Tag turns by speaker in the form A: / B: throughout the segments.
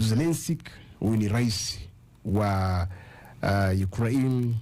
A: Zelensky, huyu ni rais wa uh, Ukraine,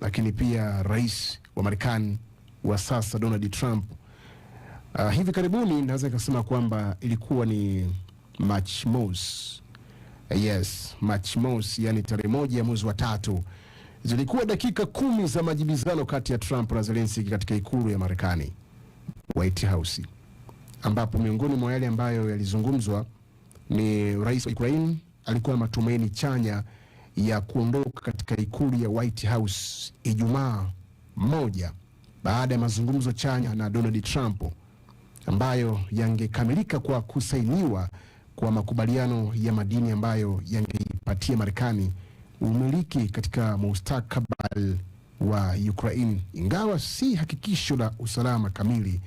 A: lakini pia rais wa Marekani wa sasa Donald Trump. Uh, hivi karibuni naweza nikasema kwamba ilikuwa ni March Mosi. Yes, March Mosi, yani tarehe moja ya mwezi wa tatu, zilikuwa dakika kumi za majibizano kati ya Trump na Zelensky katika ikulu ya Marekani, White House, ambapo miongoni mwa yale ambayo yalizungumzwa ni rais wa Ukraine alikuwa na matumaini chanya ya kuondoka katika ikulu ya White House Ijumaa moja baada ya mazungumzo chanya na Donald Trump ambayo yangekamilika kwa kusainiwa kwa makubaliano ya madini ambayo yangeipatia Marekani umiliki katika mustakabali wa Ukraine, ingawa si hakikisho la usalama kamili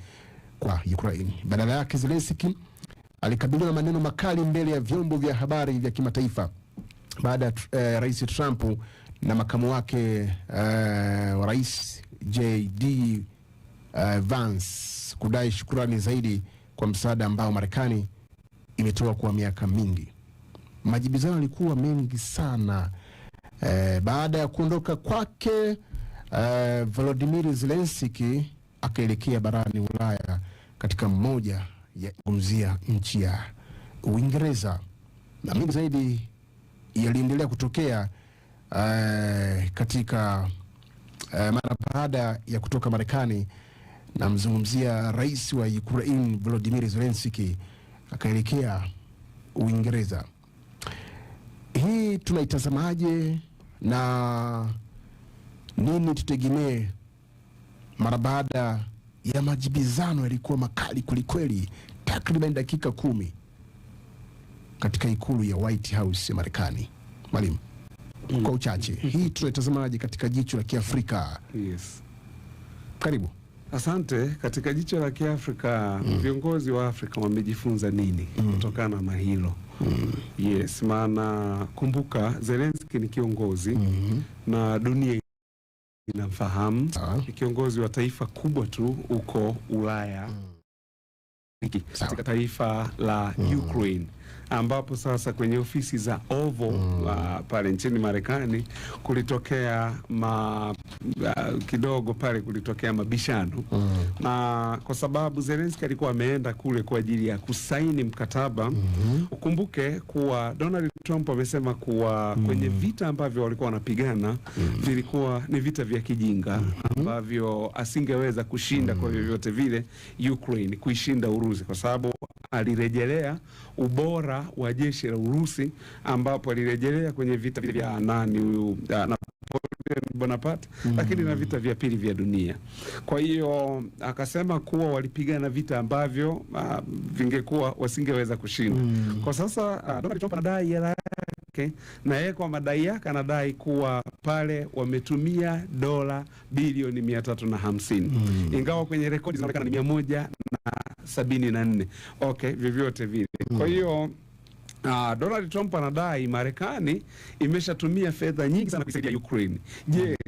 A: kwa Ukraine. Badala yake Zelensky alikabiliwa na maneno makali mbele ya vyombo vya habari vya kimataifa baada ya eh, Rais Trump na makamu wake eh, Rais JD eh, Vance kudai shukurani zaidi kwa msaada ambao Marekani imetoa kwa miaka mingi. Majibizano yalikuwa mengi sana eh, baada ya kuondoka kwake eh, Volodymyr Zelensky akaelekea barani Ulaya katika mmoja yazungumzia nchi ya Uingereza na mengi zaidi yaliendelea kutokea uh, katika uh, mara baada ya kutoka Marekani. Namzungumzia rais wa Ukraine Volodymyr Zelensky akaelekea Uingereza. Hii tunaitazamaje na nini tutegemee mara baada ya majibizano yalikuwa makali kwelikweli, takriban dakika kumi katika ikulu ya White House ya Marekani. Mwalimu, kwa uchache hii tunaitazamaje katika jicho la Kiafrika? Yes. Karibu.
B: Asante. Katika jicho la Kiafrika mm. viongozi wa Afrika wamejifunza nini mm. kutokana na hilo? Mm. Yes, maana kumbuka Zelensky ni kiongozi mm -hmm. na dunia inamfahamu ah. ni kiongozi wa taifa kubwa tu huko Ulaya mm. katika taifa la mm. Ukraine ambapo sasa kwenye ofisi za ovo mm. uh, pale nchini Marekani kulitokea ma, uh, kidogo pale kulitokea mabishano mm. na kwa sababu Zelensky alikuwa ameenda kule kwa ajili ya kusaini mkataba mm -hmm. Ukumbuke kuwa Donald Trump amesema kuwa mm. kwenye vita ambavyo walikuwa wanapigana mm. vilikuwa ni vita vya kijinga mm -hmm. ambavyo asingeweza kushinda mm. kwa vyovyote vile Ukraine kuishinda Urusi kwa sababu alirejelea ubora wa jeshi la Urusi ambapo alirejelea kwenye vita vya nani huyu eh, Bonaparte mm. lakini na vita vya pili vya dunia. Kwa hiyo akasema kuwa walipigana vita ambavyo uh, vingekuwa wasingeweza kushinda mm. kwa sasa uh, Donald Trump anadai hela yake, na yeye kwa madai yake anadai kuwa pale wametumia dola bilioni mia tatu na hamsini mm. ingawa kwenye rekodi zinaonekana ni mia moja na sabini na nne okay, vyovyote vile mm. kwa hiyo Uh, Donald Trump anadai Marekani imeshatumia fedha nyingi sana kuisaidia Ukraine. Je, yes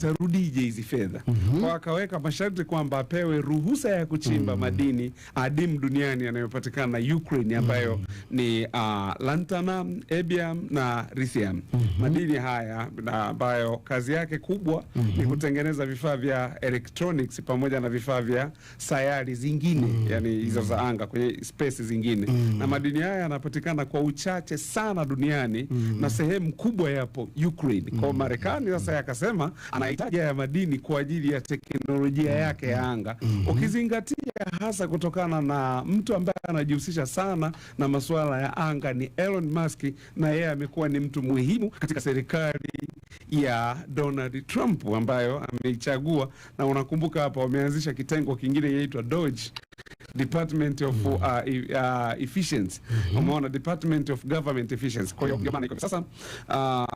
B: utarudije hizi fedha? mm -hmm. Kwa akaweka masharti kwamba apewe ruhusa ya kuchimba mm -hmm. madini adimu duniani yanayopatikana Ukraine ambayo mm -hmm. ni uh, lanthanum, erbium na lithium mm -hmm. madini haya na ambayo kazi yake kubwa mm -hmm. ni mhm. kutengeneza vifaa vya electronics pamoja na vifaa vya sayari zingine mm -hmm. yani hizo za anga kwenye space zingine mm -hmm. na madini haya yanapatikana kwa uchache sana duniani mm -hmm. na sehemu kubwa yapo Ukraine. Mm -hmm. Kwa mhm. Marekani sasa yakasema ana mhm mahitaji ya madini kwa ajili ya teknolojia mm, yake ya mm, anga mm -hmm. Ukizingatia hasa kutokana na mtu ambaye anajihusisha sana na masuala ya anga ni Elon Musk, na yeye amekuwa ni mtu muhimu katika serikali ya Donald Trump ambayo ameichagua, na unakumbuka hapa wameanzisha kitengo kingine inaitwa DOGE Department of mm. uh, e, uh, Efficiency mm -hmm. Umeona Department of Government Efficiency. Kwa hiyo mm -hmm. Sasa uh,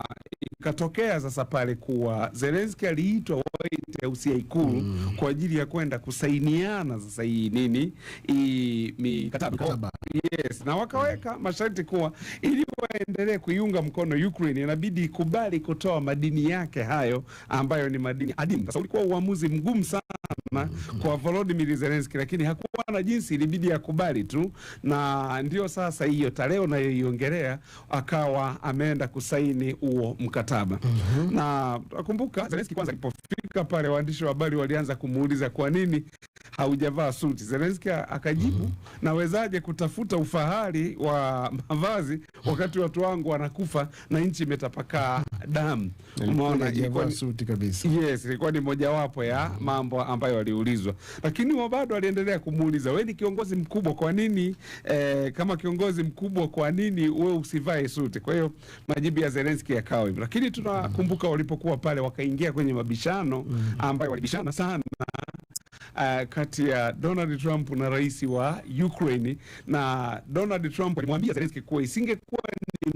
B: Ikatokea sasa pale kuwa Zelensky aliitwa White House ya Ikulu mm. kwa ajili ya kwenda kusainiana sasa hii nini hii mikataba yes, na wakaweka mm. masharti kuwa ili waendelee kuiunga mkono Ukraine inabidi ikubali kutoa madini yake hayo ambayo ni madini adimu. Sasa ulikuwa uamuzi mgumu sana sana kwa Volodymyr Zelensky, lakini hakuwa na jinsi, ilibidi akubali tu, na ndio sasa hiyo tarehe unayoiongelea akawa ameenda kusaini huo mkataba mm -hmm. na nakumbuka Zelensky kwanza alipofika pale, waandishi wa habari walianza kumuuliza kwa nini haujavaa suti. Zelenski akajibu mm -hmm. nawezaje kutafuta ufahari wa mavazi wakati watu wangu wanakufa na nchi imetapakaa damu?
A: Umeona, ilikuwa suti kabisa.
B: Yes, ilikuwa ni mojawapo ya mm -hmm. mambo ambayo waliulizwa, lakini wa bado aliendelea kumuuliza, we ni kiongozi mkubwa, kwa nini eh, kama kiongozi mkubwa, kwa nini we usivae suti? Kwa hiyo majibu ya Zelenski yakawa hivyo, lakini tunakumbuka walipokuwa pale wakaingia kwenye mabishano mhm. ambayo walibishana sana uh, kati ya Donald Trump na rais wa Ukraine, na Donald Trump alimwambia Zelensky kuwa isingekuwa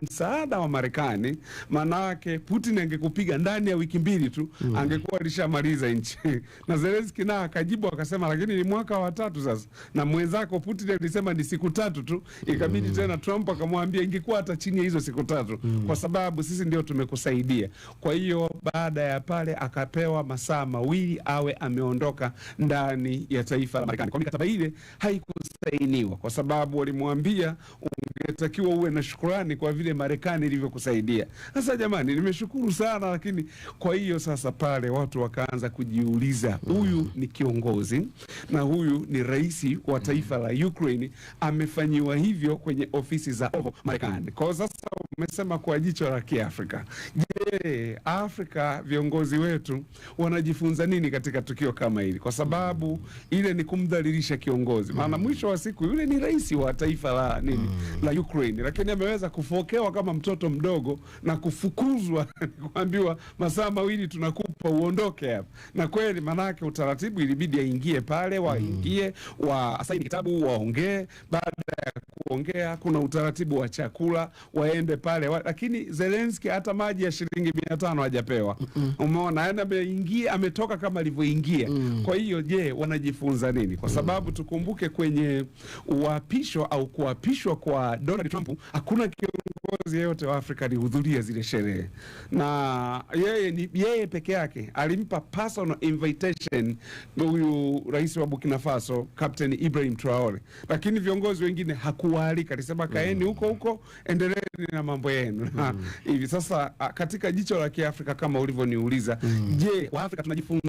B: msaada wa Marekani, manake Putin angekupiga ndani ya wiki mbili tu mm. angekuwa alishamaliza nchi na Zelensky na akajibu akasema, lakini ni mwaka wa tatu sasa, na mwenzako Putin alisema ni siku tatu tu, ikabidi mm. tena Trump akamwambia ingekuwa hata chini ya hizo siku tatu mm. kwa sababu sisi ndio tumekusaidia. Kwa hiyo baada ya pale akapewa masaa mawili awe ameondoka ndani ya taifa la Marekani. Kwa mikataba ile haikusainiwa kwa sababu walimwambia ungetakiwa uwe na shukrani kwa vile vile Marekani ilivyokusaidia. Sasa jamani, nimeshukuru sana, lakini kwa hiyo sasa pale watu wakaanza kujiuliza, huyu mm. ni kiongozi na huyu ni rais wa taifa la Ukraine, amefanyiwa hivyo kwenye ofisi za oh, Marekani. Kwa sasa umesema kwa jicho la Kiafrika. Je, Afrika viongozi wetu wanajifunza nini katika tukio kama hili? Kwa sababu ile ni kumdhalilisha kiongozi, maana mm. mwisho wa siku yule ni rais wa taifa la nini mm. la Ukraine, lakini ameweza kufoka kupokewa kama mtoto mdogo na kufukuzwa kuambiwa masaa mawili tunakupa uondoke hapa. Na kweli manake utaratibu ilibidi aingie pale, mm. waingie mm. wasaini kitabu, waongee. Baada ya kuongea, kuna utaratibu wa chakula, waende pale wa, lakini Zelenski hata maji ya shilingi mia tano hajapewa mm -mm. Umeona, yani ameingia ametoka kama alivyoingia mm. Kwa hiyo je, wanajifunza nini? Kwa mm. sababu mm. tukumbuke kwenye uapisho au kuapishwa kwa Donald Trump hakuna kiongozi kiongozi yeyote wa Afrika alihudhuria zile sherehe, na yeye ni yeye peke yake alimpa personal invitation huyu rais wa Burkina Faso Captain Ibrahim Traore, lakini viongozi wengine hakuwaalika, alisema kaeni huko huko, endeleeni na mambo yenu mm. hivi sasa katika jicho la Kiafrika kama ulivyoniuliza mm. Je, Waafrika tunajifunza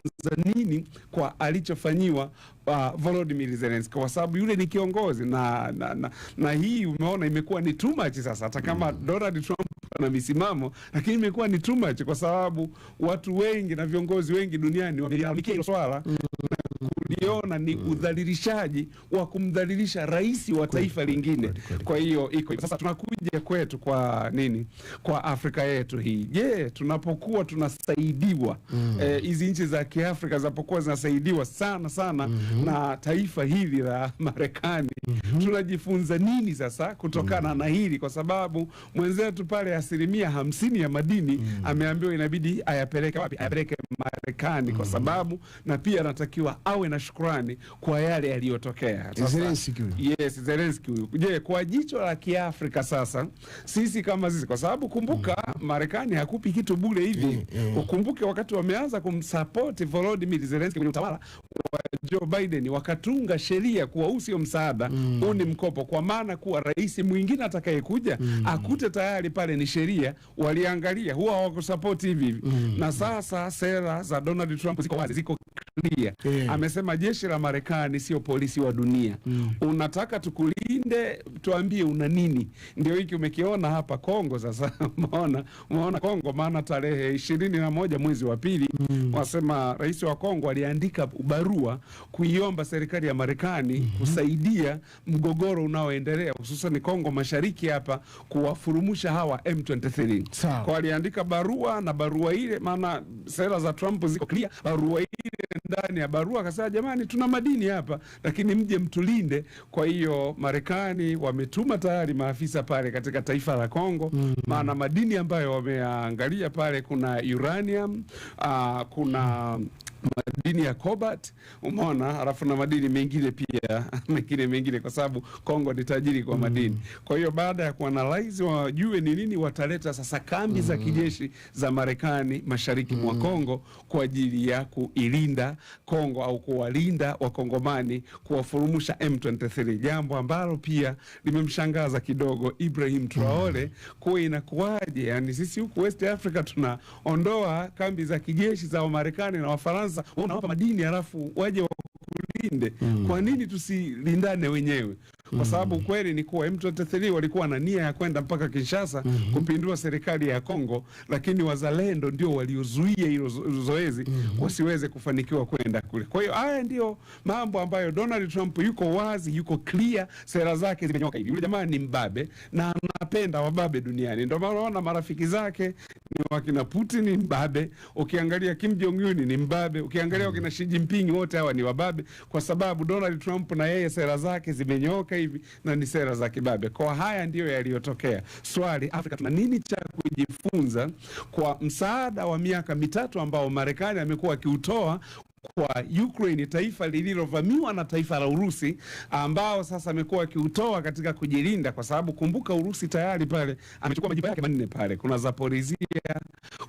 B: nini kwa alichofanyiwa uh, Volodymyr Zelensky kwa sababu yule ni kiongozi na, na, na, na hii umeona imekuwa ni too much sasa, hata kama mm. Donald Trump na misimamo, lakini imekuwa ni too much kwa sababu watu wengi na viongozi wengi duniani wamelalamikia swala mm tuliona ni mm. udhalilishaji wa kumdhalilisha rais wa taifa lingine. Kwa hiyo iko sasa, tunakuja kwetu kwa nini, kwa Afrika yetu hii. Je, tunapokuwa tunasaidiwa mm. Eh, hizi mm. e, nchi za Kiafrika zinapokuwa zinasaidiwa sana sana mm -hmm. na taifa hili la Marekani mm -hmm. tunajifunza nini sasa kutokana mm -hmm. na hili, kwa sababu mwenzetu pale asilimia hamsini ya madini mm -hmm. ameambiwa inabidi ayapeleke wapi? Ayapeleke Marekani mm -hmm. kwa sababu na pia anatakiwa awe na na shukrani kwa yale yaliyotokea. yes, Zelenski huyu. Je, kwa jicho la Kiafrika sasa sisi kama sisi, kwa sababu kumbuka mm -hmm. Marekani hakupi kitu bure hivi mm -hmm. Ukumbuke wakati wameanza kumsupport Volodymyr Zelenski kwenye utawala wa Joe Biden wakatunga sheria kuwa huu sio msaada mm. Huu ni mkopo, kwa maana kuwa rais mwingine atakayekuja mm. akute tayari pale ni sheria, waliangalia huwa hawakusapoti hivi hivi mm. na sasa sera za Donald Trump ziko wazi, ziko dunia yeah. Amesema jeshi la Marekani sio polisi wa dunia mm. Unataka tukulinde, tuambie una nini? Ndio hiki umekiona hapa Kongo sasa umeona, umeona Kongo, maana tarehe ishirini na moja mwezi wa pili mm. Wasema rais wa Kongo aliandika barua kuiomba serikali ya Marekani mm -hmm. kusaidia mgogoro unaoendelea hususan Kongo Mashariki hapa kuwafurumusha hawa M23 Kwa aliandika barua na barua ile, maana sera za Trump ziko clear, barua ile ndani ya barua akasema, jamani, tuna madini hapa, lakini mje mtulinde. Kwa hiyo Marekani wametuma tayari maafisa pale katika taifa la Kongo mm. maana madini ambayo wameangalia pale kuna uranium, uh, kuna mm madini ya cobalt, umeona, alafu na madini mengine pia mengine mengine, kwa sababu Kongo ni tajiri kwa madini. Mm. Kwa hiyo baada ya kuanalyze wajue ni nini wataleta sasa kambi za mm. kijeshi za Marekani mashariki mwa mm. Kongo kwa ajili ya kuilinda Kongo au kuwalinda Wakongomani, kuwafurumusha M23, jambo ambalo pia limemshangaza kidogo Ibrahim Traore kuwa inakuwaje, yani sisi huku West Africa tunaondoa kambi za kijeshi za Wamarekani na Wafaransa sasa unawapa madini halafu waje wakulinde. Mm. Kwa nini tusilindane wenyewe? kwa mm. sababu ukweli ni kuwa M23 walikuwa na nia ya kwenda mpaka Kinshasa mm -hmm. kupindua serikali ya Kongo, lakini wazalendo ndio waliozuia hilo zoezi mm -hmm. wasiweze kufanikiwa kwenda kule. Kwa hiyo haya ndio mambo ambayo Donald Trump yuko wazi, yuko clear, sera zake zimenyoka hivi. Yule jamaa ni mbabe na anapenda wababe duniani, ndio maana unaona marafiki zake ni wakina Putin ni mbabe, ukiangalia Kim Jong Un ni mbabe, ukiangalia mm-hmm. wakina Xi Jinping wote hawa ni wababe, kwa sababu Donald Trump na yeye sera zake zimenyoka hivi na ni sera za kibabe. Kwa haya ndiyo yaliyotokea. Swali, Afrika tuna nini cha kujifunza kwa msaada wa miaka mitatu ambao Marekani amekuwa akiutoa kwa Ukraine taifa lililovamiwa na taifa la Urusi, ambao sasa amekuwa akiutoa katika kujilinda, kwa sababu kumbuka, Urusi tayari pale amechukua majimbo yake manne pale, kuna Zaporizhia,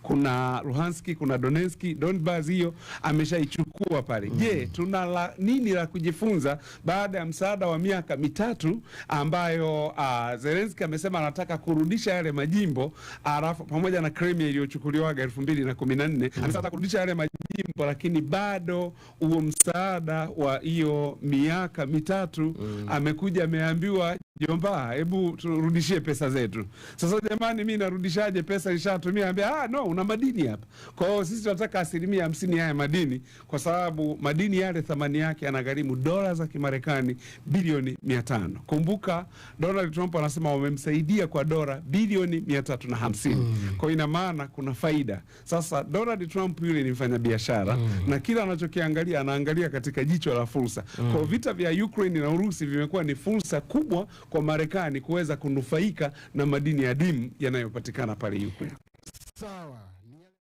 B: kuna Luhanski, kuna Donetski, Donbas hiyo ameshaichukua pale. Je, mm -hmm. tuna la, nini la kujifunza baada ya msaada wa miaka mitatu ambayo uh, Zelensky amesema anataka kurudisha yale majimbo alafu pamoja na Crimea iliyochukuliwaga elfu mbili na kumi na nne mm -hmm. anataka kurudisha yale majimbo mpo, lakini bado huo msaada wa hiyo miaka mitatu mm. amekuja ameambiwa Jomba, hebu turudishie pesa zetu. Sasa jamani, mi narudishaje pesa ishatumia? Ambia ah, no, una madini hapa. Kwa hiyo sisi tunataka asilimia hamsini haya madini, kwa sababu madini yale thamani yake anagharimu dola za Kimarekani bilioni mia tano. Kumbuka Donald Trump anasema wamemsaidia kwa dola bilioni mia tatu na hamsini mm. Kwa ina maana kuna faida. Sasa Donald Trump yule ni mfanyabiashara mm. na kila anachokiangalia anaangalia katika jicho la fursa mm. Kwa vita vya Ukraine na Urusi vimekuwa ni fursa kubwa kwa Marekani kuweza kunufaika na madini adimu yanayopatikana pale Ukraine. Sawa.